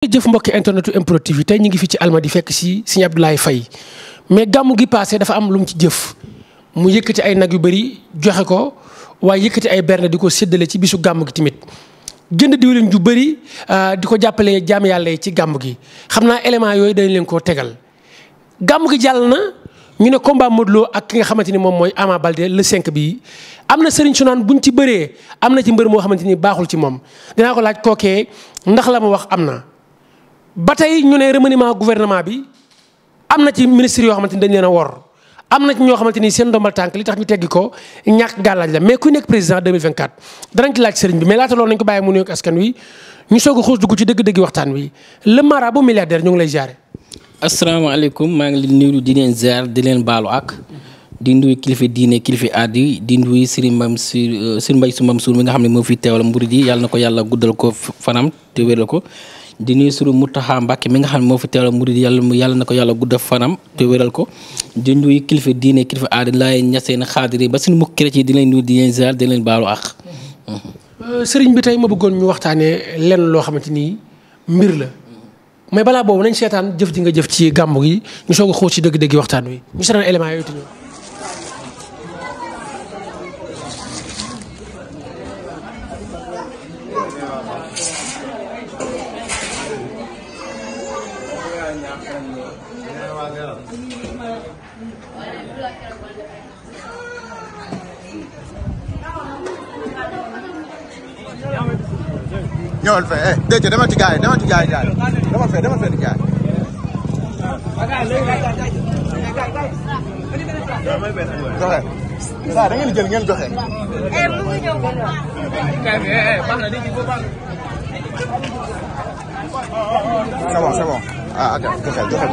jëf mbokki internetu MPROD TV tey ñu ngi fi ci di fekk si Serigne Abdoulaye fay mais gàmmu gi passé dafa am lu mu ci jëf mu yëkkati ay nag yu bëri joxe ko waaye yëkkati ay berne di ko séddale ci bisu gàmm gi tamit jënd diwlin ju bëri ah, di ko jàppale jaam yàlla yi ci gàmm gi xam naa élément yooyu dañ leen koo tegal gàmm gi jàll na ñu ne combat Modou ak ki nga xamante ni moom mooy Ama Baldé le 5 bii am na sëriñ su naan buñ ci bëree am na ci mbër moo xamante ni baaxul ci moom dinaa ko laaj kookee ndax la ma wax am na ba tey ñu ne remaniement gouvernement bi am na ci ministre yoo xamante ni dañ leen a wor am na ci ñoo xamante ni seen ndombal tànk li tax ñu teggi ko ñàkk gàllaaj la mais kuy nekk président 2024 danañ ci laaj sëriñ bi mais laata loolu nañ ko bàyyi mu nuyoog askan wi ñu soog a dugg ci dëgg-dëgg waxtaan wi le marabout milliardaire ñu ngi lay jaare asalaamaaleykum maa ngi leen nuyu di leen ziar di leen baalo ak di nuyu kilifa diine kilifa aad yi di nuyu Serigne Mame Sy euh, Serigne Mbaye Sy Mansour mi nga xam ne moo fi teewal murid yi yàlla na ko yàlla guddal ko fanam te wéral ko di nuyu sunu Mountakha Mbacké mi nga xam ne moo fi teewal murid yàlla yàlla na ko yàlla gudda fanam te wéral ko di nuyu kilifa diine kilifa aada laay ñaseen xaadir ba suñu mukk chrétien di leen nuyu di leen ziar di leen baalu àq. Euh, sëriñ bi tey ma bëggoon ñu waxtaanee lenn loo xamante ni mbir la mais balaa boobu nañ seetaan jëf ji nga jëf ci gàmmu gi ñu soog a xóot ci dëgg-dëgg waxtaan wi ñu seetaan éléments yooyu te ñëw ñëwal fee eh dégg nga demal ci gars yi demal ci gars yi demal fee demal fee di gars yi waaw da jël ngeen joxe. c'est bon c'est bon ah ok joxe joxe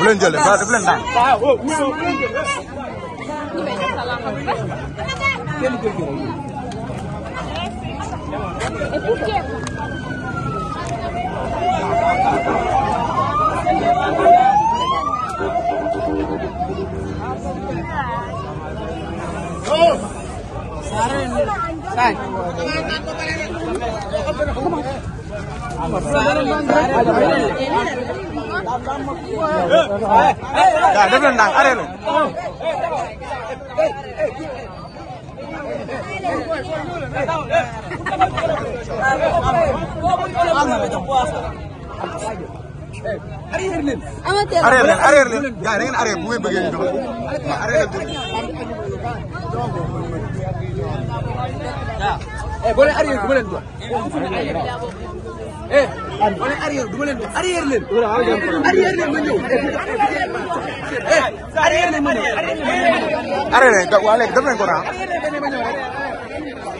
bu leen jëlee daf leen daan. daa def leen ndànk arrêté arrière leen arrière leen gars yi da ngeen arrière bu ngeen bëggee ñu doon arrière leen boo leen arrière du ma leen doon eh boo leen arrière du ma leen doon arrière leen arrière leen ma ñëw eh arrière leen ma ñëw arrière leen waa léegi def nañ ko naa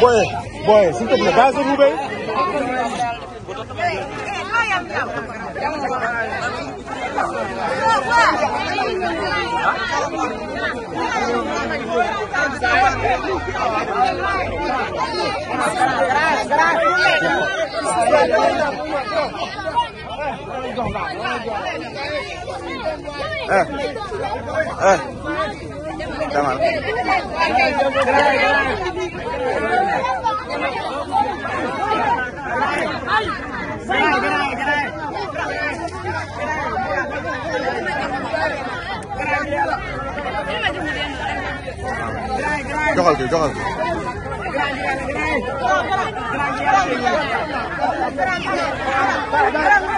booy booy s'il te plaît bàyyi sa ruubee. Gracias, gracias. Tamam. Joxal ki joxal ki Grand grand grand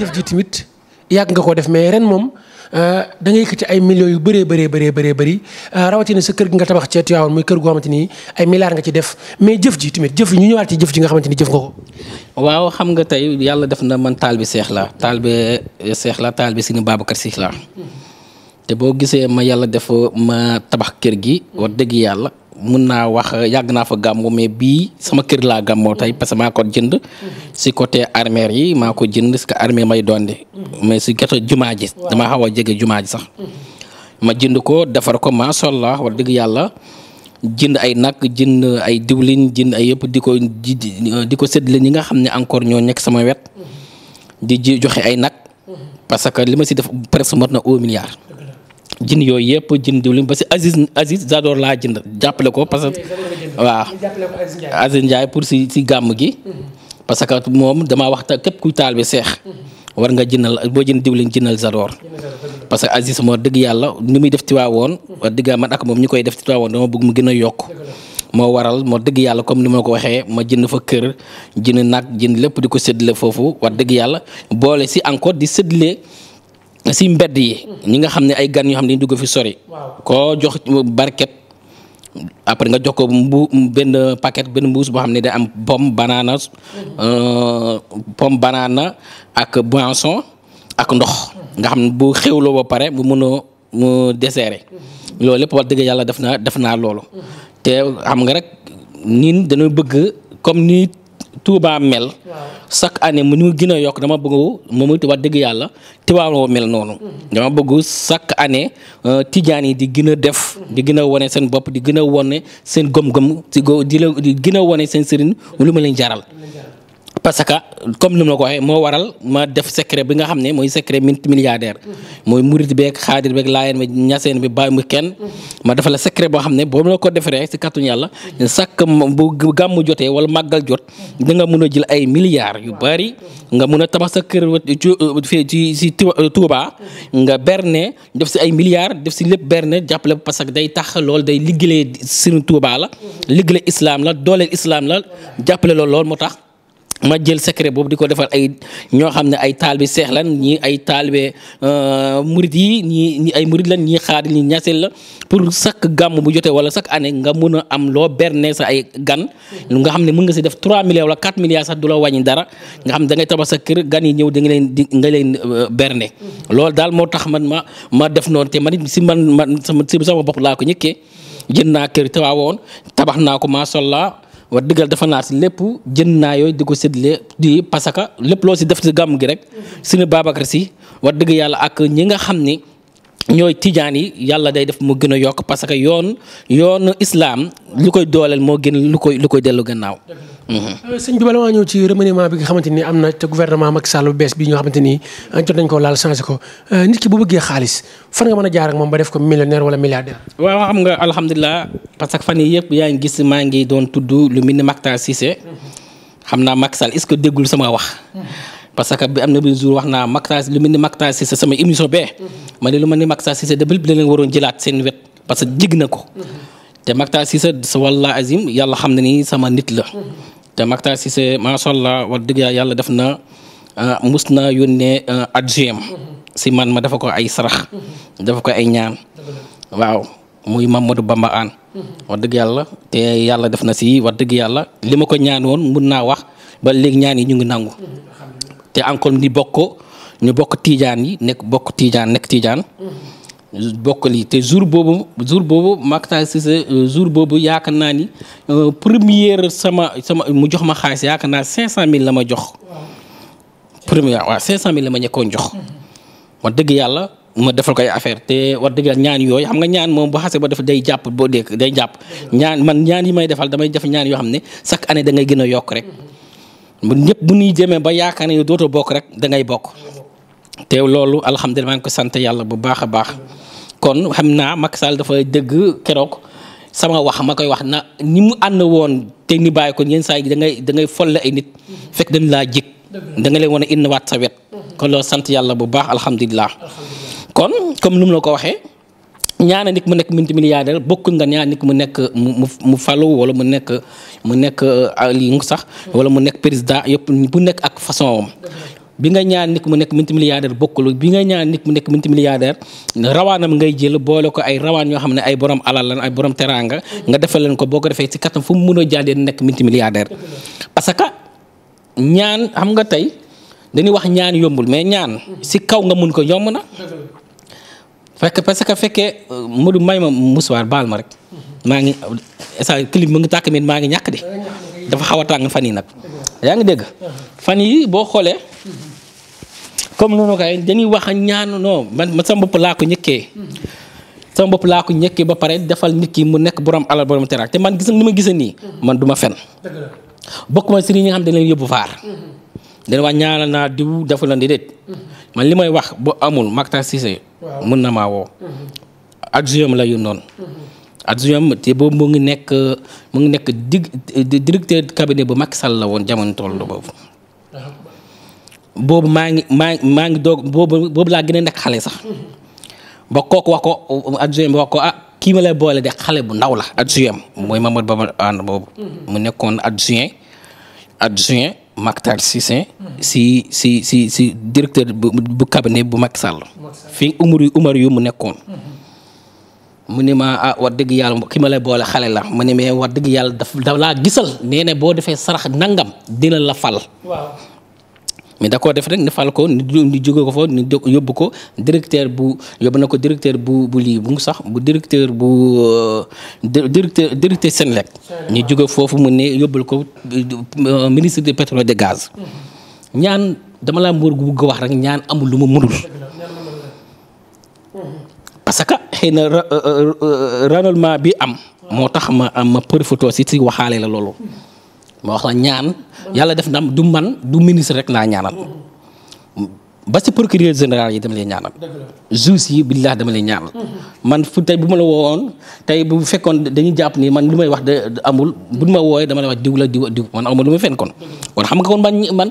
jëf ji tamit yàgg nga ko def mais ren moom euh, da ngay yëkkati ay millions yu bëree bëree bëree bëree bëri euh, rawatina sa kër gi nga tabax ci Tivaouane muy kër goo xamante ni ay milliards nga ci def mais jëf ji tamit jëf yi ñu ñëwaat ci jëf ji nga xamante ni jëf nga ko. waaw xam nga tey yàlla def na man taal bi seex la taal bi eh, seex la taal bi suñu Babacar Si la hmm. te boo gisee ma yàlla def ma tabax kër gi. wax dëgg yàlla mën naa wax yàgg naa fa gàmmu mais bii sama kër laa gàmmoo tey parce que maa ko jënd si côté armère yi maa ko jënd parce que armère may doonde mais si gerte jumaa ji dama xaw a jege jumaa ji sax ma jënd ko defar ko macha allah wax dëgg yàlla jënd ay nag jënd ay diwlin jënd ay yëpp di ko di ko séddale ñi nga xam ne encore ñoo nekk sama wet di joxe ay nag uhuh. parce que li ma si def presque mot na au milliard jën yooyu yëpp jën diwlin ba si Aziz Aziz Zador laa jënd jàppale ko parce que waaw Aziz Ndiaye pour si si gàmm gi mhm. parce que moom damaa waxta képp kuy taal bi seex mhm. war nga jëndal boo jënd diwlin jëndal Zador parce que Aziz moo dëgg yàlla ni muy def Tiwaawoon mhm. wax dëgg man ak moom ñu koy def Tiwaawoon dama bëgg mu gën a yokk moo waral moo dëgg yàlla comme ni ma ko waxee ma jënd fa kër jënd nag jënd lépp di ko séddale foofu wax dëgg yàlla boole si encore di séddale si mbedd yi. ñi nga xam ne ay gan yoo xam ne dañu dugg fi sori. koo jox barket après nga jox ko mbu benn paket benn mbuus boo xam ne day am pomme banana. Mhm. Euh, pomme banana ak boisson ak ndox. nga xam ne bu xewloo ba pare mu mën a mu desserté. Mhm. loolu lépp wax dëgg yàlla def naa def naa loolu. Mhm. te xam nga rek ñun dañoo bëgg comme ni Touba mel. chaque année mu ñu gën a yokk dama bëgg moom it wax dëgg yàlla Tiwaawan mel noonu. dama bëgg chaque année euh, tiijaan yi di gën a def. di gën a wane seen bopp di gën a wane seen gëm-gëm di gën a wane seen sëriñ lu ma leen jaral. parce que comme ni ma la ko waxee moo waral ma def secret bi nga xam ne mooy secret minti milliardaire murit beeg xaadir beeg laayeen bi ñaseen bi bàyyi mu kenn ma defal la secret boo xam ne boo ma ko defaree si kàttuñu yàlla sàkk bu gàmmu jotee wala màggal jot da nga mun a yu bari nga mun a tabax sa kër ci ci si Touba nga berne def si ay milliards def si lépp berne jàppale parce que day tax loolu day liggéeyee suñu Touba la liggéeyal islam la dooleel islam la jàppale loolu loolu moo tax ma jël secret boobu di ko defal ay ñoo xam ne ay taalibe seex lan ñii ay taalibe euh, murit yi ñii ay murit lan ñii xaadir ñi ñaseel la pour chaque gàmm bu jotee wala chaque année nga mun a am loo berne sa ay gan nga xam ne mën nga si def 3 milliards wala 4 milliards sax du la wàññi dara nga xam da ngay tabax sa kër gan yi ñëw da leen di nga leen euh, berne loolu daal moo tax man ma ma def noonu te ma it si man man sama si sama bopp laa ko ñëkkee jënd naa kër te waawoon tabax naa ko macha allah wax dëggal dafa naar si lépp jën naa yooyu di ko séddale di parce que lépp loo si def si gàmm gi rek mhm. suñu Babacar si wax dëgg yàlla ak ñi nga xam ni ñooy tijaan yi yàlla day def mu gën a yokk parce que yoon yoonu islaam lu koy dooleel moo gën lu koy lu koy dellu gannaaw. sëñ bi bala maa ñëw ci remaniement bi nga xamante ni am na te gouvernement Macky Sall bees bi ñoo xamante ni eh, jot nañ ko laal changé ko eh, nit ki bu bëggee xaalis fan nga mën a jaar moom ba def ko millionnaire wala milliardaire. waaw xam nga alhamdulilah parce que fan yi yëpp yaa ngi gis maa ngi doon tudd lu mel ni Mactar Cissé mm-hmm. xam naa Macky Sall est-ce que déggul sama wax. Mm-hmm. parce que bi am na benn jour wax naa Mactar lu mel ni Mactar Cissé sama émission ma ne lu mel ni Mactar Cissé de bële leen waroon jëlaat seen wet parce que jig na ko. te sa Cissé walla azim yàlla xam na ni sama nit la. te se ma sol la wax dëgg yàlla def na ah, mus na yónnee ah, adjoint si man ma dafa ko ay sarax. dafa ko ay ñaan. waaw muy Mamadou Bamba aan wax dëgg yàlla te yàlla def na si wax dëgg yàlla li ma ko ñaan woon mun naa wax ba léegi ñaan yi ñu ngi nangu. te encore ni bokk ñu bokk tiijaan yi nekk bokk tiijaan nekk tiijaan bokk lii te jour boobu jour boobu Makhtar euh, Cissé jour boobu yaakaar naa ni euh, première sama sama mu jox ma xaalis yaakaar naa cinq cent mille la ma jox première waaw cinq cent mille la ma ñekkoon jox wax dëgg yàlla ma defal koy affaire te wax dëgg yàlla ñaan yooyu xam nga ñaan moom bu xasee ba def day jàpp boo dégg day jàpp ñaan man ñaan yi may defal damay def ñaan yoo xam ne chaque année da ngay gën a yokk rek ñëpp bu ñuy jëmee ba yaakaar ne dootoo bokk rek da ngay bokk te loolu alhamdulilah maa ngi ko sant yàlla bu baax a baax kon xam naa Macky Sall dafa dëgg keroog sama wax ma koy wax na ni mu ànd woon te ni bàyyi ko ñenn saa yi da ngay da ay nit fekk dañ laa jig danga nga leen wan a innawaat sa wet kon loolu sant yàlla bu baax alhamdulilah kon comme nu mu ko waxee. ñaana nit mu nekk multimilliardaire bokkul nga ñaar nit mu nekk mu falu wala mu nekk mu nekk euh, li ngu sax wala mu nekk président yëpp bu nekk ak façon am bi nga ñaar nit mu nekk multimilliardaire bokkul bi nga ñaar nit mu nekk multimilliardaire rawaanam ngay jël boole ko ay rawaan yoo xam ne ay borom alal lan ay borom teraanga nga defal leen ko boo ko defee ci kattan fu mu a jàllee nekk multimilliardaire parce ñaan xam nga tey dañuy wax ñaan yombul mais fekk parce que fekkee euh, Modou may ma musuwaar baal ma rek maa ngi sa clip mu ngi tàkk mit maa ngi ñàkk de dafa xaw a tàng fan yi nag yaa ngi dégg fan yi boo xoolee comme noonu kay dañuy wax ñaanu non man sama bopp laa ko ñëkkee sama bopp laa ko ñëkkee ba pare defal nit ki mu nekk borom alal borom teraak te man gis ni ma gisa nii man duma ma fen bokk ma si ñi nga xam ne yóbbu faar dana waa ñaanal naa diw dafa la déedéet mm-hmm. man li may wax bu amul Mactar Cissé mën na maa woo mm-hmm. adjoint la yu noonu mm-hmm. adjoint te boobu mu ngi nekk mu nekk dig directeur de cabinet bu mag Sall la woon jamono toll boobu boobu maa ngi maa maa ngi doog boobu boobu laa gën a nekk xale sax ba kooku wax ko adjoint bi ah kii ma lay boole de xale bu ndaw la adjoint mooy Mamadou Baba ànd boobu mu nekkoon adjoint Mactar Cissé si si si si directeur bu bu bu Macky Sall fi umar yu mu nekkoon mu ni ma a ah, wax dëgg yàlla ki ma lay boole xale la mu ne mais eh, wax dëgg yàlla daf da laa gisal nee boo defee sarax nangam dina la fal mais da koo def rek ñu fal ko ñu jóge ko fa ñu yóbbu ko directeur bu yóbbu na ko directeur bu bu lii bu mu sax bu directeur bu euh, directeur seen Senelec ñu jóge foofu mu ne yóbbul ko euh, ministre de pétrole de gaz mm-hmm. ñaan dama laa mbóor gu bugg wax rek ñaan amul lu ma mënul mm-hmm. parce que xëy na renouvellement euh, bi am moo tax ma am ma profité si si waxaale la loolu mm-hmm. ma wax na ñaan yàlla def ndam du man du ministre rek naa ñaanal ba ci procureur général yi dama lay ñaanal juge yi billah dama lay ñaanal man fu tey bu ma la woowoon tey bu fekkoon dañuy jàpp ni man lu may wax de amul buñ ma wooyee dama lay wax diw la diw diw man amul lu may fen kon xam nga kon man man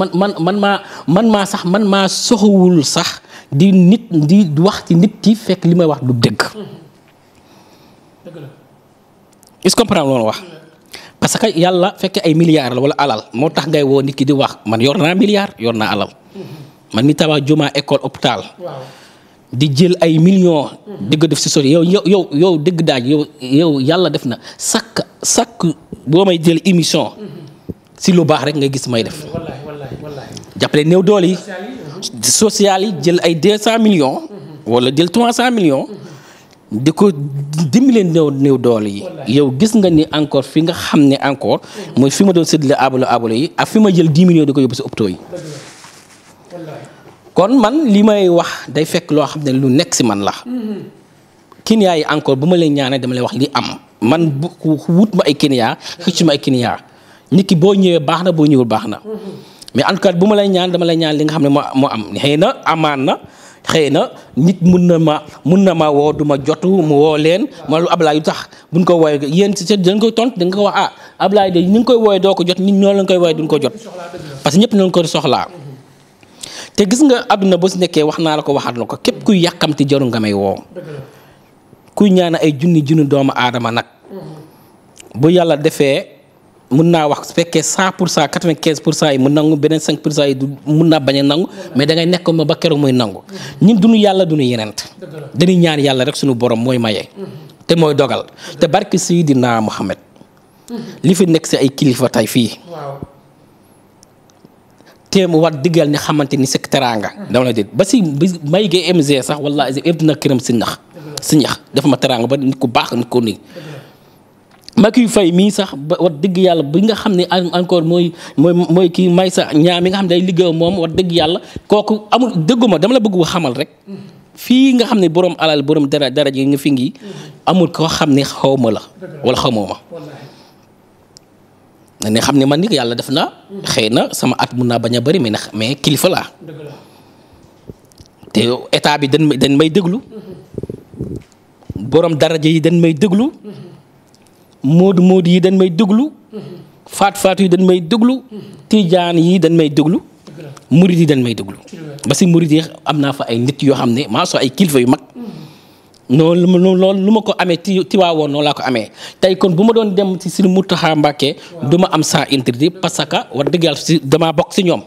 man man man man maa man maa sax man maa soxawul sax di nit di wax ci nit yi fekk li may wax du dëgg est-ce loolu wax parce que yàlla fekkee ay milliards la wala alal moo tax ngay woo nit ki di wax man yor naa milliard yor naa alal man mi tabax jumaa école hôpital di jël ay millions. di def si sori yow yow yow dëgg daaj yow yow yàlla def na sàkk boo may jël émission. si lu baax rek nga gis may def. wallaahi yi. jël ay deux cent mhm. jël trois di ko dimbali néew néew doole yi yow gis nga ni encore fi nga xam ne encore mooy fi ma doon séddale abalo abalo yi ak fi ma jël 10 millions di ko yóbbu si opto yi kon man li may wax day fekk loo xam ne lu nekk si man la Kenya yi encore bu ma leen ñaanee dama lay wax li am man bu wut ma ay Kenya xëcc ma ay Kenya nit ki boo ñëwee baax na boo ñëwul baax na mm-hmm. mais en bu ma lay ñaan dama lay ñaan li nga xam ne moo moo am xëy na amaan na xëy na nit mun na ma mun na ma woo duma jotu mu woo leen ma lu Ablaye yu tax buñ ko wooyee yéen si sa dañ koy tontu dañ ko wax ah Ablaye de ñu ngi koy wooyee doo ko jot nit ñoo lañ koy wooyee duñ ko jot parce que ñëpp ñoo ko soxlaa te gis nga àdduna boo si nekkee wax naa la ko waxaat la ko képp kuy yàkkamti jaru nga may woo kuy ñaan ay junni junni doomu aadama nag bu yàlla defee mun naa wax su fekkee cent pour cent quatre vingt pour cent yi mu nangu beneen cinq pour cent yi mun naa bañ a nangu mais da ngay nekk ma ba keroog muy nangu ñun duñu yàlla duñu yenent dañuy ñaan yàlla rek suñu borom mooy maye. te mooy dogal te barki Seydina Muhammad li fi nekk si ay kilifa tey fii te mu war xamante ni sekk teraanga dama la déet ba si may gee MG sax walla ibna këram si ñax si ñax dafa ma teraanga ba nit ko baax nit ko nii Macky Faye mii sax ba wax dëgg yàlla bi nga xam ne encore mooy mooy mooy kii may sax ñaam mi nga xam ne day liggéey moom wax dëgg yàlla kooku amul dëgguma dama la bëgg xamal rek fii nga xam ne boroom alal borom dara dara ji nga fi ngi amul koo xam ne xaw ma la wala xamoo ma xam ne man ni yàlla def na xëy na sama at mun naa bañ a bari mais nag mais kilifa laa te état bi dañ dañ may déglu borom daraja yi dañ may déglu moodu moodu yi dañ may déglu faat faatu yi dañ may déglu tijaan yi dañ may déglu murid yi dañ may déglu ba si murid yi am naa fa ay nit yoo xam ne maa soo ay kilifa yu mag noonu lu ma ko amee ti tiwaawoon noonu laa ko amee tey kon bu ma doon dem si Sëriñ Mountakha Mbacké du ma am saa interdit parce que war dëgg yàlla si damaa bokk si ñoom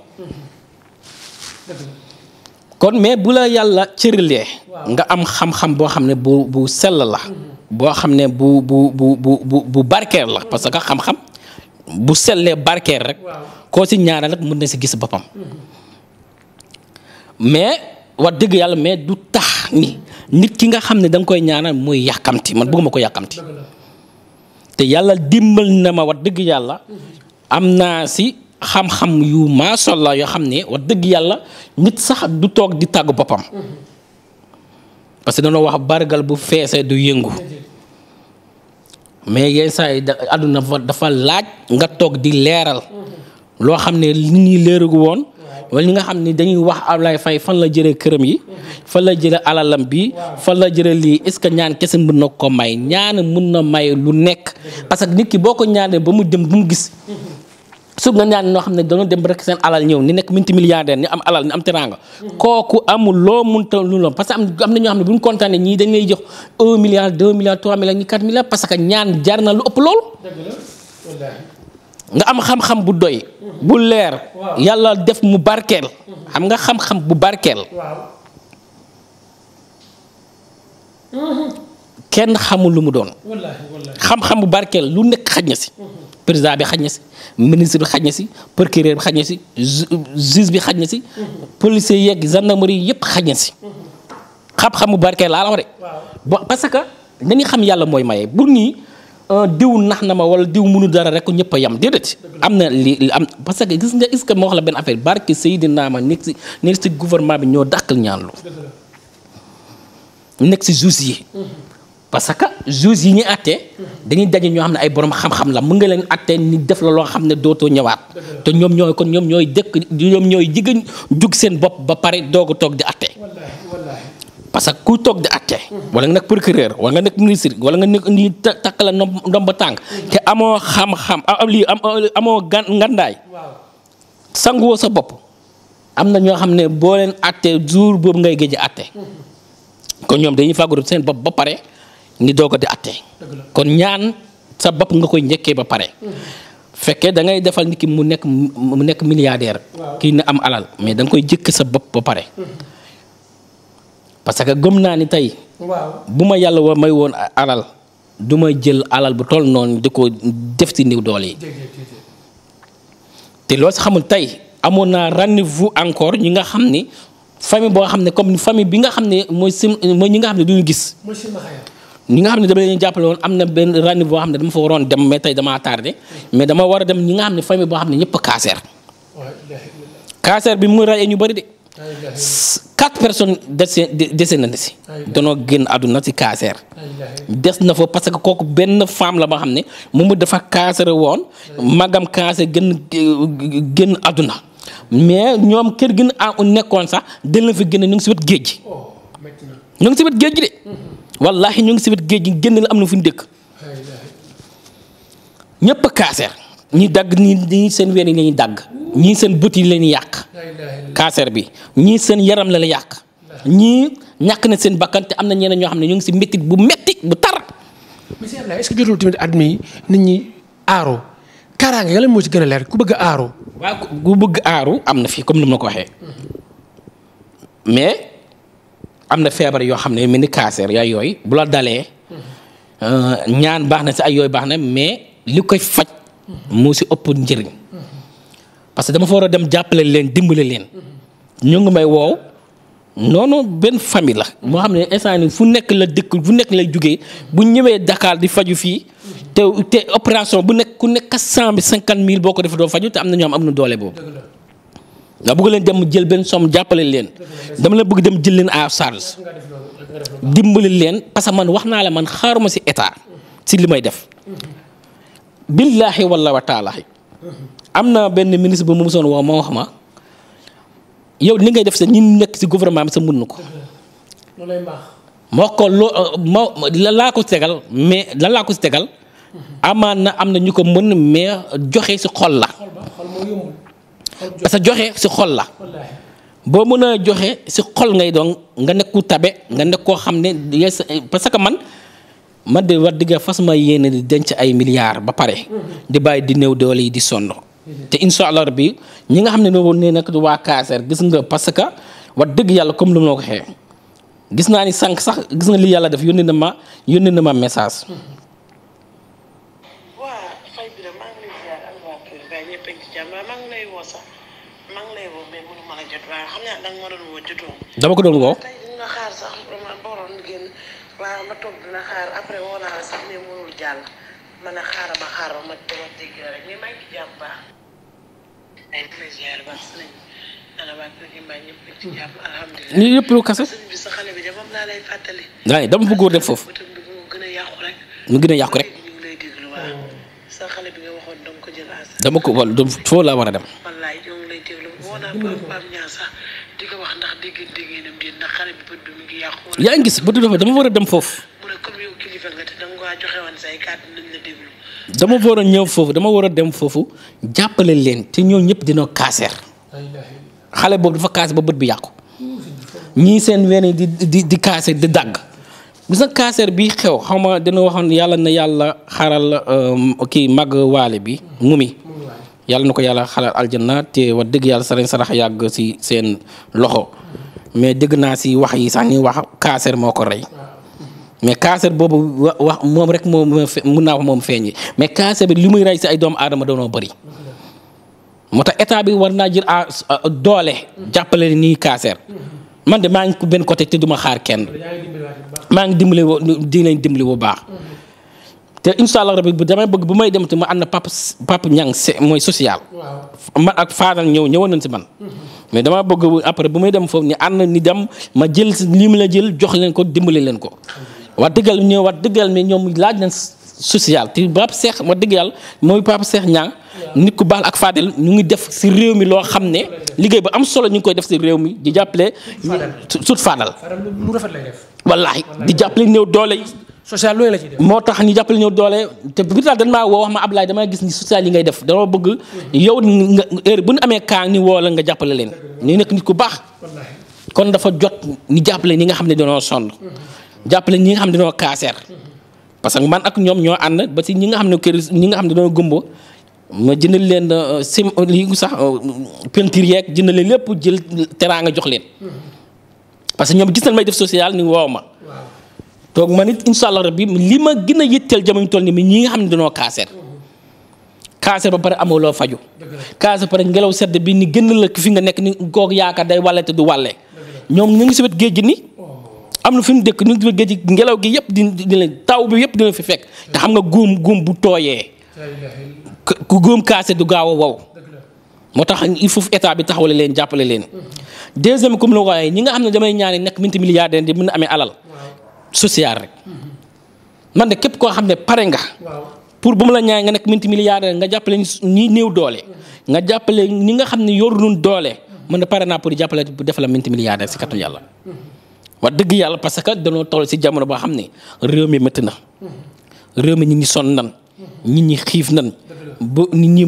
kon mais bu la yàlla cëralee nga am xam-xam boo xam ne bu bu sell la mm-hmm. boo xam ne bu bu bu bu bu barkeer la parce que xam-xam bu sellee barkeer rek koo si ñaanal rek mën na ci gis boppam mais wax dëgg yàlla mais du tax ni nit ki nga xam ne danga koy ñaanal mooy yàkkamti man bëgguma ko yàkkamti te yàlla dimbal na ma wax dëgg yàlla am naa si xam-xam yu macha allah yoo xam ne wax dëgg yàlla nit sax du toog di tàgg boppam parce que dañoo wax bargal bu feesee du yëngu. mais yenn saa yi da àdduna dafa laaj nga toog di leeral mm-hmm. loo xam ne li ni leeragu woon wala ñi nga xam ne dañuy wax Ablaye fay fan la jëlee këram yi mm-hmm. fan la jëre alalam bi fan la jëlee lii est ce que ñaan kese mën na ko may ñaana mun na may lu nekk mm-hmm. parce que nit ki boo ko ñaanee ba mu dem bu mu gis suuf nga ñaan ñoo xam ne dañoo dem rek seen alal ñëw ñu nekk minti milliardaire ñu am alal ñu am teranga kooku amul loo mun ta lu loom parce que am na ñoo xam ne bu ñu kontaanee ñii dañ lay jox un milliard deux milliards trois milliards ñi quatre milliards parce ñaan jar na lu ëpp loolu nga am xam-xam bu doy bu leer yàlla def mu barkeel xam nga xam-xam bu barkeel kenn xamul lu mu doon xam-xam bu barkeel lu nekk xaj na si président bi xaj na si ministre bi xaj na si procureur bi xaj na si juge bi xaj na si. policiers yeeg gendarmerie yëpp xaj na si. xam-xamu barke laa la wax de. bon parce que nañu xam yàlla mooy maye bu nii euh, diw nax na ma wala diw mënu dara rek ñëpp a yem déedéet. am na li am parce que gis nga est-ce moo wax la benn affaire barke Seydina ma nekk si nekk si gouvernement bi ñoo dàqal ñaan lu nekk si juge yi. parce que juge yi ñuy àttee dañuy daje ñoo xam ne ay borom xam-xam la mën nga leen àttee ni def la loo xam ne dootoo ñëwaat te ñoom ñooy kon ñoom ñooy dëkk ñoom ñooy jigéen jug seen bopp ba pare doog a toog di àttee parce que ku toog di àttee wala nga nekk wala nga nekk wala nga nekk ni takk la ndomba tànk te amoo xam-xam lii amoo gan ngandaay sanguwoo sa bopp am na ñoo xam ne boo leen àttee jour boobu ngay géej àttee kon seen bopp ba pare ngi doog a di atte kon ñaan sa bopp nga koy njëkkee ba pare mm-hmm. fekkee da ngay defal nit ki mu nekk mu nekk milliardaire kii am alal mais da koy jëkk sa bopp ba pare mm-hmm. parce que gëm naa ni tey bu ma yàlla wa may woon alal du ma jël alal bu toll noonu di ko def ci néew doole yi te loolu si xamul tey amoon naa rendez encore ñi nga xam ni famille boo xam ne comme famille bi nga xam ne mooy sim mooy ñi nga xam ne duñu gis ñi nga xam ne dama leen jàppale woon am na benn rendez boo xam ne dama fa waroon dem mais tey damaa tardé mais dama war a dem ñi nga xam ne famille boo xam ne ñëpp cancer. cancer bi mu rey ñu bëri de. quatre personnes dese dese si. danoo génn àdduna si cancer. des na fa parce que kooku benn femme la ba xam ne moom dafa cancer woon. magam cancer gën génn àdduna. mais ñoom kër gën gi ñu nekkoon sax dañ fi génne ñu ngi si wet géej gi. Oh, ñu si wet géej de. wallaahi ñu ngi si wet géej gi génn la am na fu ñu dëkk ñëpp cancer ñi dagg ñi ñii seen ween yi la dagg ñii seen bët yi la ñuy yàq cancer bi ñii seen yaram la la yàq ñi ñàkk na seen bakkan am na ñeneen ñoo xam ne ñu ngi si métti bu metti bu tar. tamit at mi nit ñi aaro kaaraange nga lan moo ci gën a leer ku bëgg aaru waaw ku bëgg aaru am na fi comme ni ma ko waxee am na feebar yoo xam ne mel ni cancer yaay yooyu bu la dalee euh, ñaan baax na si ay yooyu baax na mais li koy faj mu si ëpp njëriñ parce que dama fa war a dem jàppale leen dimbale leen ñu ngi may woow noonu benn famille la moo xam ne instant ni fu nekk la dëkk fu nekk lay jugee bu ñëwee Dakar di faju fii te te opération bu nekk ku nekk quatre cent mille cinquante mille boo ko defee doo faju te am na ñoo am am na doole boobu nga bëgg leen dem jël benn somme jàppale leen dama la bëgg dem jël leen à charge dimbali leen parce man wax naa la man xaaruma si état si li may def. billaahi walla wa taalaahi am na benn ministre bu mu mosoon woo ma wax ma yow li ngay def sa ñi nekk si gouvernement bi sa mun na ko. moo ko loo moo laa ko tegal mais la laa ko si tegal. amaan na am na ñu ko mën mais joxe si xol la. sa joxe si xol la boo mën a joxe si xol ngay doon nga nekku tabe nga nekk koo xam ne yes parce que man man de war dëgg fas ma yéene di denc ay milliards ba pare di bàyyi di néew doole yi di sonn te incha allah bi ñi nga xam ne noonu nee nag waa Kaaseer gis nga parce que wax dëgg yàlla comme lu ma ko xee gis naa ni sànq sax gis nga li yàlla def yónnee na ma yónnee na ma message ngi lay woo mais mënu ma la jot waaye naa da nga ma doon woo ne dama dégg la rek foofu. xale bi nga dama ko jël wal foo laa war a dem. wallaay yaa ngi gis bët dama war a dem foofu. mu dama war a ñëw foofu dama war a dem foofu jàppale leen te ñoo ñëpp dina kaaseer. xale boobu dafa kaase ba bët bi yàqu. ñii seen ween di di di di dagg. gis na cancer bi xew xaw ma dina waxoon yàlla na yàlla xaral euh, ki màgg waale bi mu mi yàlla na ko yàlla xalal aljanna te wax dëgg yàlla sarañ sarax yàgg si seen loxo mais dëgg naa si wax yi sax ni wax cancer moo ko rey mais cancer boobu wa wax moom rek moom mun naa wax moom feeñi mais cancer bi li muy rey si ay doom aadama doonoo bëri moo tax état bi war naa jël a doole jàppale nii cancer man de maa ngi ko benn côté te duma xaar kenn maa ngi dimbali woo di leen dimbali bu baax te incha allah rabi damay bëgg bu may dem te ma ànd papa papa ñang mooy social. man ak faadal ñëw ñëwoon nañ si man. mais dama bëgg après bu may dem foofu ni ànd ma jël si li mu la jël jox leen ko dimbali leen ko. wax dëggal ñëw wax dëggal mais ñoom laaj nañ social te papa Seex wax dëgg yàlla mooy papa Seex ñang nit ku baax ak Fadel ñu ngi def si réew mi loo xam ne liggéey bu am solo ñu ngi koy def si réew mi di jàppale. sut Fadel lu rafet lay def. wallaahi di jàppale néew doole yi. social looy la moo tax ñu jàppale ñëw doole te bi daal dañ maa woo wax ma Ablaye damaa gis ni social yi ngay def dama bëgg yow nga bu ñu amee kaa ni woo la nga jàppale leen. ñu nekk nit ku baax. kon dafa jot ñu jàppale ñi nga xam ne dañoo sonn. jàppale ñi nga xam ne dañoo kaaseer. parce que man ak ñoom ñoo ànd ba si ñi nga xam ne kër ñi nga xam ne dañoo gumba ma jëndal leen euh, sim euh, lii sax euh, peinture yeek jëndal leen lépp jël nga jox leen parce que ñoom gis nañ may def social ni woow ma. donc man it incha allah rabbi li ma gën a yitteel jamono toll nii ñi nga xam ne dañoo kaaseer. kaaseer ba pare amoo loo faju kaaseer ba pare ngelaw sedd bi ni gën la fi nga nekk ni googu yaakaar day wàlle te du wàlle. ñoom ñu ngi si wet géej gi ni am na fi mu dëkk ñu ngi si wet géej ngelaw gi yëpp di di leen taw bi yëpp dina fi fekk. te xam nga guum bu tooyee. ku góom kaase du gaaw a wow moo tax il faut état bi taxawale leen jàppale leen deuxième comme la waaye ñi nga xam ne damay ñaani nekk minti milliardaire di mën a amee alal social rek man de képp koo xam ne pare nga pour bu mu la ñaan nga nekk minti milliardaire nga jàppale ñi néew doole nga jàppale ñi nga xam ne yoruñu doole man de pare naa pour jàppale bu def la minti milliardaire si kàttanu yàlla wax dëgg yàlla parce que dañoo toll si jamono boo xam ne réew mi na ba nit ñi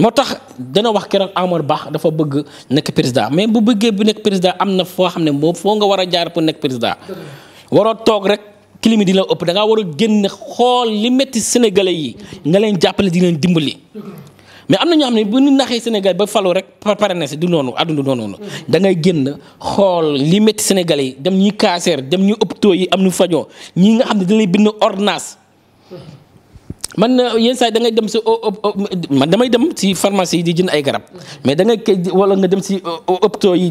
moo tax dana wax keroog Amadou baax dafa bëgg nekk président mais bu bëggee bu nekk président am na foo xam ne moom foo nga war a jaar pour nekk président waroo toog rek climat di la ëpp da war a génn xool li métti sénégalais yi nga leen jàppale di leen dimbali. mais am na ñoo ne bu ñu naxee Sénégal ba falu rek pare na si du noonu àdduna du noonu da ngay génn xool li métti Sénégalais yi dem ñuy kaaseer dem ñuy hôpitaux yi am ñu fajoo ñii nga xam ne da lay bind ordonnance man euh, yenn saa yi da ngay dem si euh, euh, man damay dem si pharmacie yi di jënd ay garab mais da ngay kay wala nga dem si hôpitaux yi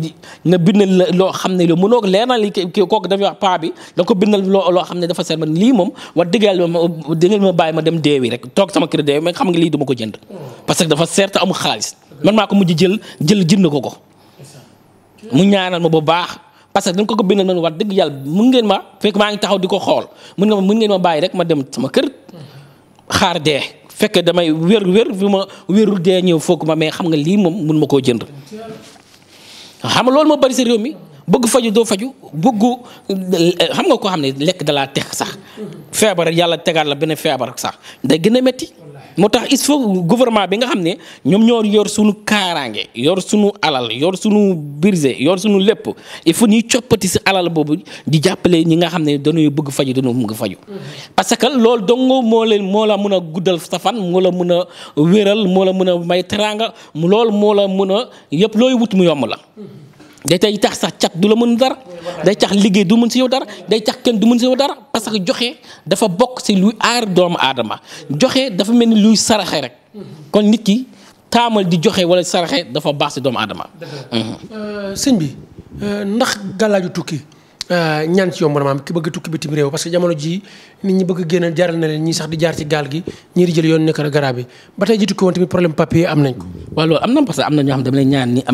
nga bindal la loo xam ne loo mënoo leer na li kooku dafay wax paa bi da ko bindal loo loo xam ne dafa seet man lii moom wax dëgg yàlla ma dangeen ma bàyyi ma dem deewi rek toog sama kër deewi xam nga lii du ko jënd parce que dafa seer te amul xaalis man maa ko mujj jël jël jënd ko ko mu ñaanal ma bu baax parce que dañ ko ko bindal man wax dëgg yàlla mun ngeen ma fekk maa ngi taxaw di ko xool mun nga mun ngeen ma bàyyi rek ma dem sama kër xaar dee fekk damay wér wér bi ma wérul dee ñëw foog ma mais xam nga lii moom mun ma koo jënd xam nga loolu ma bari sa réew mi bëgg faju doo faju bëggu xam nga koo xam ne lekk dalaa tex sax feebar yàlla tegal la benn feebar sax day gën a métti moo tax il faut gouvernement bi nga xam ne ñoom ñoo yor suñu kaaraange yor suñu alal yor suñu budget yor suñu lépp il faut ñuy coppati si alal boobu di jàppale ñi nga xam ne dañuy bëgg faju dañoo bëgg faju parce que loolu dong moo leen moo la mën a guddal sa fan moo la mën a wéral moo la mën a may teraanga lool moo la mën a yëpp looy wut mu yomb la day tay tax sax cat du la mën dara day tax liggéey du mën si yow dara day tax kenn du mën si yow dara parce que joxe dafa bokk si luy aar doomu aadama joxe dafa mel ni luy saraxe rek kon nit ki taamal di joxe wala saraxe dafa baax si doomu aadama. Mhm. Euh, sëñ bi euh, ndax galaaju tukki. Euh, ñaan ci yomb na maam ki bëgg tukki bitim réew parce que jamono jii nit ñi bëgg génn jaral na leen ñii sax di jaar ci gaal gi ñii di jël yoon nekk na garab bi ba tey ji tukki woon tamit problème papier am nañ ko. waaw loolu am na parce que am na ñoo xam ne dama lay mm-hmm.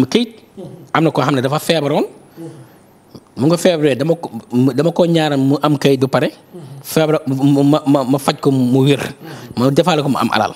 am na koo xam ne dafa feebaroon mm-hmm. mu nga feebaree dama ko dama ko ñaaram mu am kayit du pare mm-hmm. feebar ma ma ma faj ko mu wér ma defaale ko mu am alal.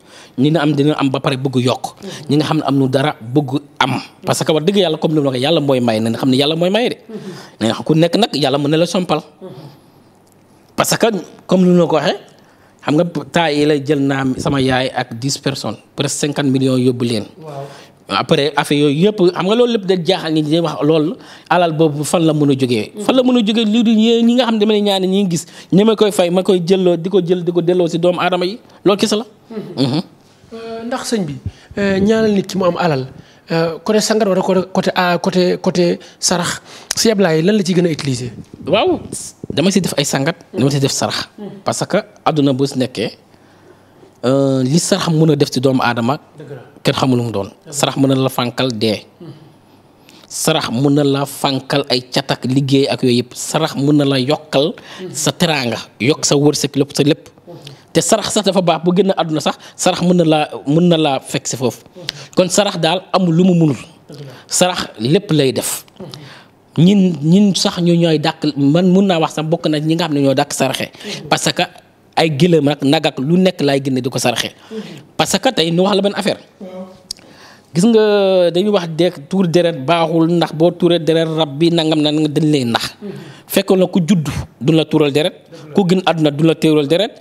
ñi na am dina am ba pare bëgg yokk ñi nga xam ne am nu dara bëgg am parce que wax dëgg yàlla comme li ma ko yàlla mooy may nañ xam ne yàlla mooy may de nañ xam ku nekk nag yàlla mën na la sompal parce que comme li ma ko waxee xam nga taa yi jël naa sama yaay ak dix personnes presque cinquante millions yóbbu leen après affaire yooyu yëpp xam nga loolu lépp da jaaxal nit a jógee. fan a nga xam ne damay ñaan ñi gis ñi ma koy fay ma koy jëlloo di ko jël di ko delloo si doomu aadama ndax sëñ bi euh, ñaanal nit ki mu am alal euh, côté sangar wala côté côté sarax si yablaay lan la ci gën a utiliser. waaw dama si def ay sangat. dama si def sarax. Hmm. parce que àdduna boo si nekkee euh, li sarax mën a def ci doomu aadama. kenn xamul mu doon. sarax mën na la fànkal dee. Hmm. sarax mën na la fànkal ay catak liggéey ak yooyu yëpp sarax mën na la yokkal. Hmm. sa teraanga yokk sa wërsëg lépp sa lépp. te sarax sax dafa baax bu gën a àdduna sax sarax mën na laa mën na laa fekk si foofu kon sarax daal amul lu mu munul sarax lépp lay def ñin ñin sax ñu ñooy dàq man mun naa wax sax bokk na ñi nga xam ne ñoo dàkk saraxe parce que ay gëlëm ak lu nekk laay génne di ko saraxe parce que tey nu wax la benn affaire gis nga dañuy wax de tuur deret baaxul ndax boo tuuree deret rab bi nangam na dañ lay ndax fekkoon na ku judd du la tuural deret ku gën àdduna du la tuural deret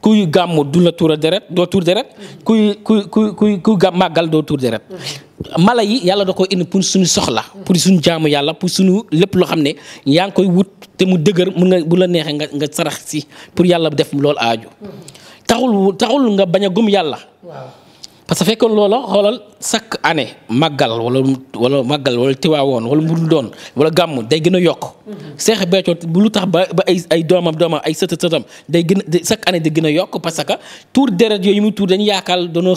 kuy gàmmu du la tuur deret doo tuur deret kuy kuy kuy kuy kuy màggal doo tuur deret mala yi yàlla da ko indi pour suñu soxla pour suñu jaamu yàlla pour suñu lépp loo xam ne yaa ngi koy wut te mu dëgër mu nga bu la neexee nga nga sarax si pour yàlla def loolu aaju taxul taxul nga bañ a gëm yàlla parce que fekkoon loola xoolal chaque année màggal wala maggal màggal wala tiwaawoon wala mu doon wala gàmm day gën a yokk. Mm-hmm. Seex Béthio bu lu tax ba ba ay ay doomam doomam ay sëtë sëtam day gën a chaque année day gën a yokk parce que tuur deret yooyu muy tuur dañu yaakaar dañoo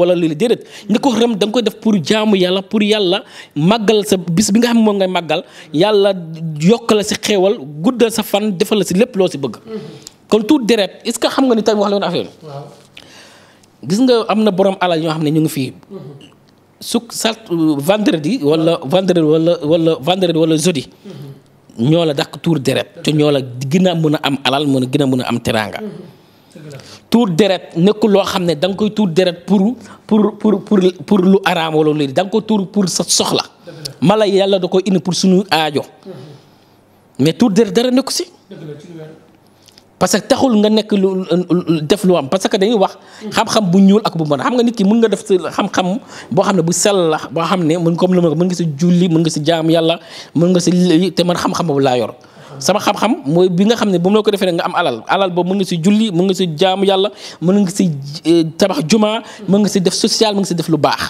wala li déedéet mm-hmm. nga ko da nga koy def pour jaamu yàlla pour yàlla màggal sa bis bi nga xam moom ngay màggal yàlla yokk la si xéewal guddal sa fan defal si lépp loo si bëgg. Mm-hmm. kon tuur deret est-ce que xam nga ni tamit wax la woon affaire gis nga am na borom alal ñoo xam ne ñu ngi fii su sat vendredi wala vendredi walla wala vendredi wala jeudi ñoo la dakk tuur deret te ñoo la gën mun a am alal mën a gën a mën a am teraanga tuur deret nekkul loo xam ne da nga koy tuur deret pour pour pour pour pour lu araam wala lu da nga ko tuur pour sa soxla mala yàlla da koy indi pour suñu aajo mais tuur deret dara nekku si parce que taxul nga nekk lu def lu am parce que dañuy wax. xam-xam bu ñuul ak bu bon xam nga nit ki mën nga def si xam-xam boo xam ne bu sell la boo xam ne mën comme lu mën nga si julli mën nga si jaam yàlla mën nga si te man xam boobu laa yor. sama xam mooy bi nga xam ne bu ma ko defee nga am alal alal boobu mën nga si julli mën nga si jaamu yàlla mën nga si eh, tabax juma mën nga si def social mën nga si def lu baax.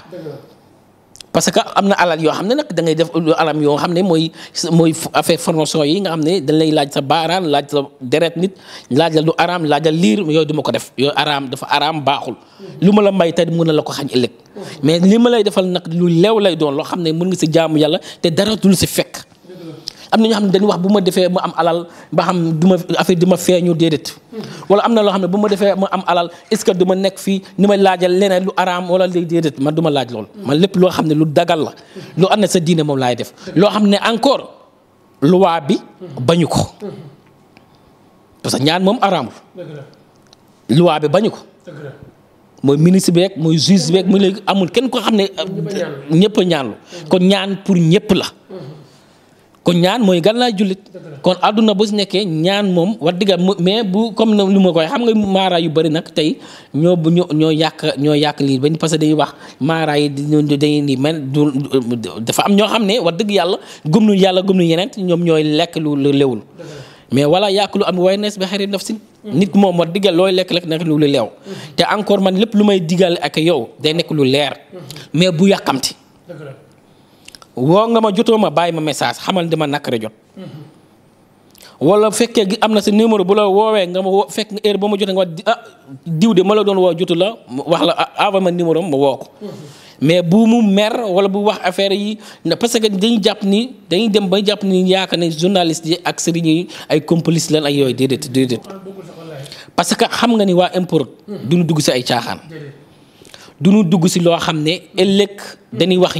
parce que am na alal yoo xam ne nag da ngay def alam yoo xam ne mooy mooy affaire formation yi nga xam ne dañ laaj sa baaraan laaj sa deret nit laaj la lu araam laaj la liir yooyu du ko def yooyu araam dafa araam baaxul lu ma la may tey mën na la ko xañ ëllëg mais li ma lay defal nag lu leew lay doon loo xam ne mën nga si jaamu yàlla te dara dul si fekk am na ñoo xam ne dañu wax bu ma defee mu am alal ba xam du ma affaire di ma feeñu déedéet wala am na loo xam ne bu ma defee ma am alal est-ce que du nekk fii ni may laajal leneen lu araam wala léegi déedéet man du ma laaj loolu man lépp loo xam ne lu la lu am na sa diine moom laay def loo xam ne encore loi bi bañu ko parce que ñaan moom araamul luwaa bi bañu ko mooy ministre bi mooy juge bi rek muy amul kenn koo xam ne ñëpp ñaan ñaanlu kon ñaan pour ñëpp la kon ñaan mooy gànnaay jullit kon àdduna ba si nekkee ñaan moom wax dëgg mais bu comme lu ma koy xam nga maara yu bëri nag tey ñoo ñoo ñoo yàq ñoo yàq lii ba parce que dañuy wax maara yi dañuy ni man du dafa am ñoo xam ne wax dëgg yàlla gëm nu yàlla gëm nu yeneen ñoom ñooy lekk lu lewul mais wala yàq lu am waaye nees bi xarit naf nit moom wax diggal looy lekk-lekk nekk lu leew te encore man lépp lu may digal ak yow day nekk lu leer mais bu yàqamti woo nga ma jotoo ma bàyyi ma message xamal dama nakk rek jot. wala fekkee gi am na sa numéro bu la woowee nga ma fekk nga heure ba ma jotee nga wax ah ma la doon woo jotu la wax la avant ah, ma numéro ma woo mais bu mu mer wala bu wax affaire yi parce que dañuy jàpp ni dañu dem ba jàpp ni yaakaar ne journaliste yi ak sëriñ yi ay complice lan ak yooyu déedéet déedéet. parce que xam nga ni waa import. duñu dugg si ay caaxaan. duñu dugg si loo xam ne ëllëg dañuy wax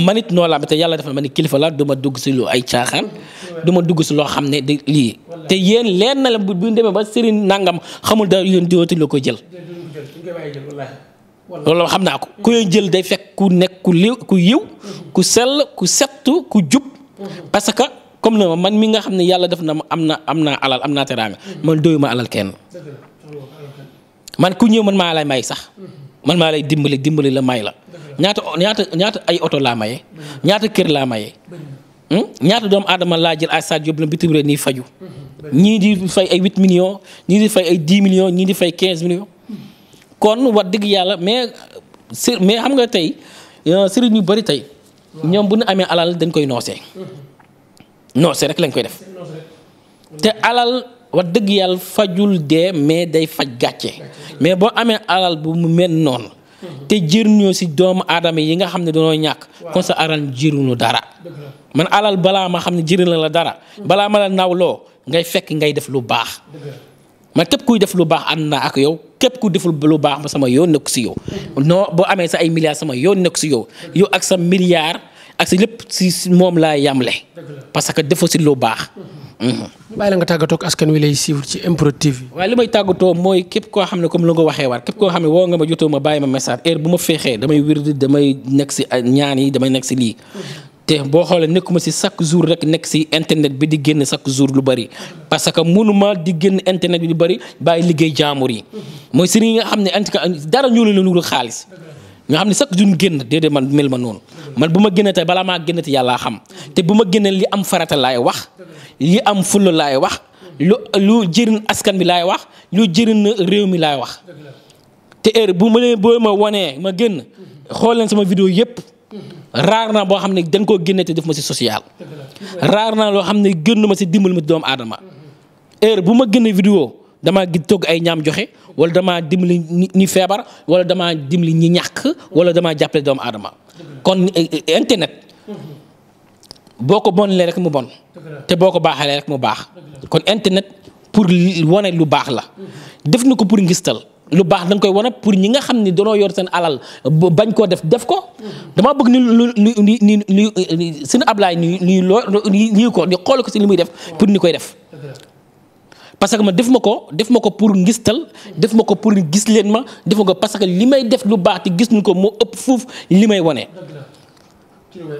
man it noonu laa te yàlla dafa ma ni kilifa la du ma dugg si lu ay caaxaan du ma dugg si loo xam ne di lii te yéen leen na la bu ñu demee ba sëriñ nangam xamul da yéen dootuñ la ko jël loolu xam naa ko ku jël day fekk ku nekk ku liw ku yiw ku sell ku settu ku jub parce que comme ma man mi nga xam ne yàlla def na ma am na am naa alal am naa teraanga man doyu ma alal kenn man ku ñëw man maa lay may sax man maa lay dimbali dimbali la may la ñaata ñaata ñaata ay oto laa maye ñaata kër laa maye hmm? ñaata doomu aadama laa jël ay saaj yóbbu la bitim réew nii faju ñii di fay ay 8 millions ñii di fay ay 10 millions ñii di fay 15 millions kon wax dëgg yàlla mais mais xam nga tey euh, sëriñ yu bari tey ñoom bu ñu amee alal dañ koy noosee noosee rek lañ koy def te alal wax dëgg yàlla fajul de mais day faj gàcce mais boo amee alal bu mu mel noonu te jëriñoo si doomu aadama yi nga xam ne dañoo ñàkk kon sa alal jëriñu dara man alal balaa ma xam ne jëriñ la dara balaa ma la nawloo ngay fekk ngay def lu baax man képp kuy def lu baax ànd naa ak yow képp ku deful lu baax ma sama yoon nekku si yow non boo amee sa ay milliards sama yoon nekk si yow yow ak sa milliard ak si lépp si moom laa yamle parce que dafa si lu baax. ñu bàyyi la nga tàggatoo askan wi lay suivre ci MPROD TV. waaye may tàggatoo mooy képp koo xam ne comme lu nga waxee war képp koo xam ne woo nga ma jotoo ma bàyyi ma message heure bu ma feexee damay wirdi damay nekk si ñaan yi damay nekk si lii. te boo xoolee nekkuma si chaque jour rek nekk si internet bi di génn chaque jour lu bëri parce que mënuma di génn internet bi lu bëri bàyyi liggéey jaamur yi mooy si li nga xam ne antika dara ñu la lu xaalis nga xam ne chaque jour génn déedéet man mel ma noonu man bu ma génn tey balaa maa génn te yàllaa xam te bu ma génne li am farata laay wax li am fulla laay wax lu lu askan bi laay wax lu jëriñ réew mi laay wax te heure bu ma leen boo ma wanee ma génn xool leen sama vidéo yëpp raar naa boo xam ne dañ koo génne te def ma si social raar naa loo xam ne génn ma si dimbal ma doomu aadama heure bu ma génne vidéo damaa gi togg ay ñaam joxe wala damaa dimbali ñi feebar wala damaa dimbali ñi ñàkk wala damaa jàppale doomu aadama kon eh, eh, internet boo ko bonalee rek mu bon te boo ko baaxalee rek mu baax kon internet pour wane lu baax la def na ko pour ngistal lu baax da koy wane pour ñi nga xam ni danoo yor seen alal bañ koo def def ko damaa bëgg ni lu ni ni ni seen ablaay ni nii loo nii ko di xool ko si li muy def pour ni koy def parce que man def ma ko def ma ko pour ngistal def ma ko pour gis leen ma def ma ko parce que li may def lu baax te gis ñu ko moo ëpp fuuf li may wone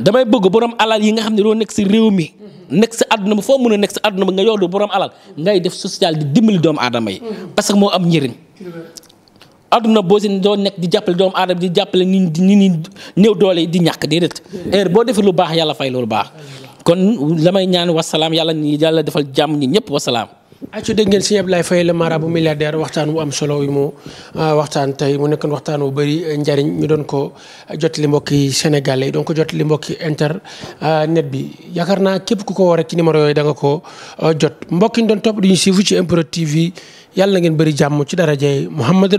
damay bëgg borom alal yi nga xam ne doo nekk si réew mi. nekk sa àdduna ba foo mën a nekk sa àdduna ba nga yor borom alal ngay def social di dimbali doomu aadama yi. parce que moo am njëriñ. àdduna boo si doo nekk di jàppale doomu aadama di jàppale ni ñi ñi néew doole yi di ñàkk déedéet. heure boo defee lu baax yàlla fay loolu baax. kon lamay ñaan wasalaam yàlla yàlla defal jàmm ñi ñëpp wasalaam. accu dégg ngeen Serigne Abdoulaye Faye la marabout milliardaire waxtaan wu am solo wi mu euh, waxtaan tey mu nekkoon waxtaan wu bëri euh, njariñ ñu doon ko euh, jotali mbokki sénégalais donc jotali mbokki internet bi yaakaar naa képp ku ko war rek ci numéro yooyu da nga ko jot mbokki doon topp di ñu siifu ci MPROD TV yàlla na ngeen bëri jàmm ci darajay Muhammad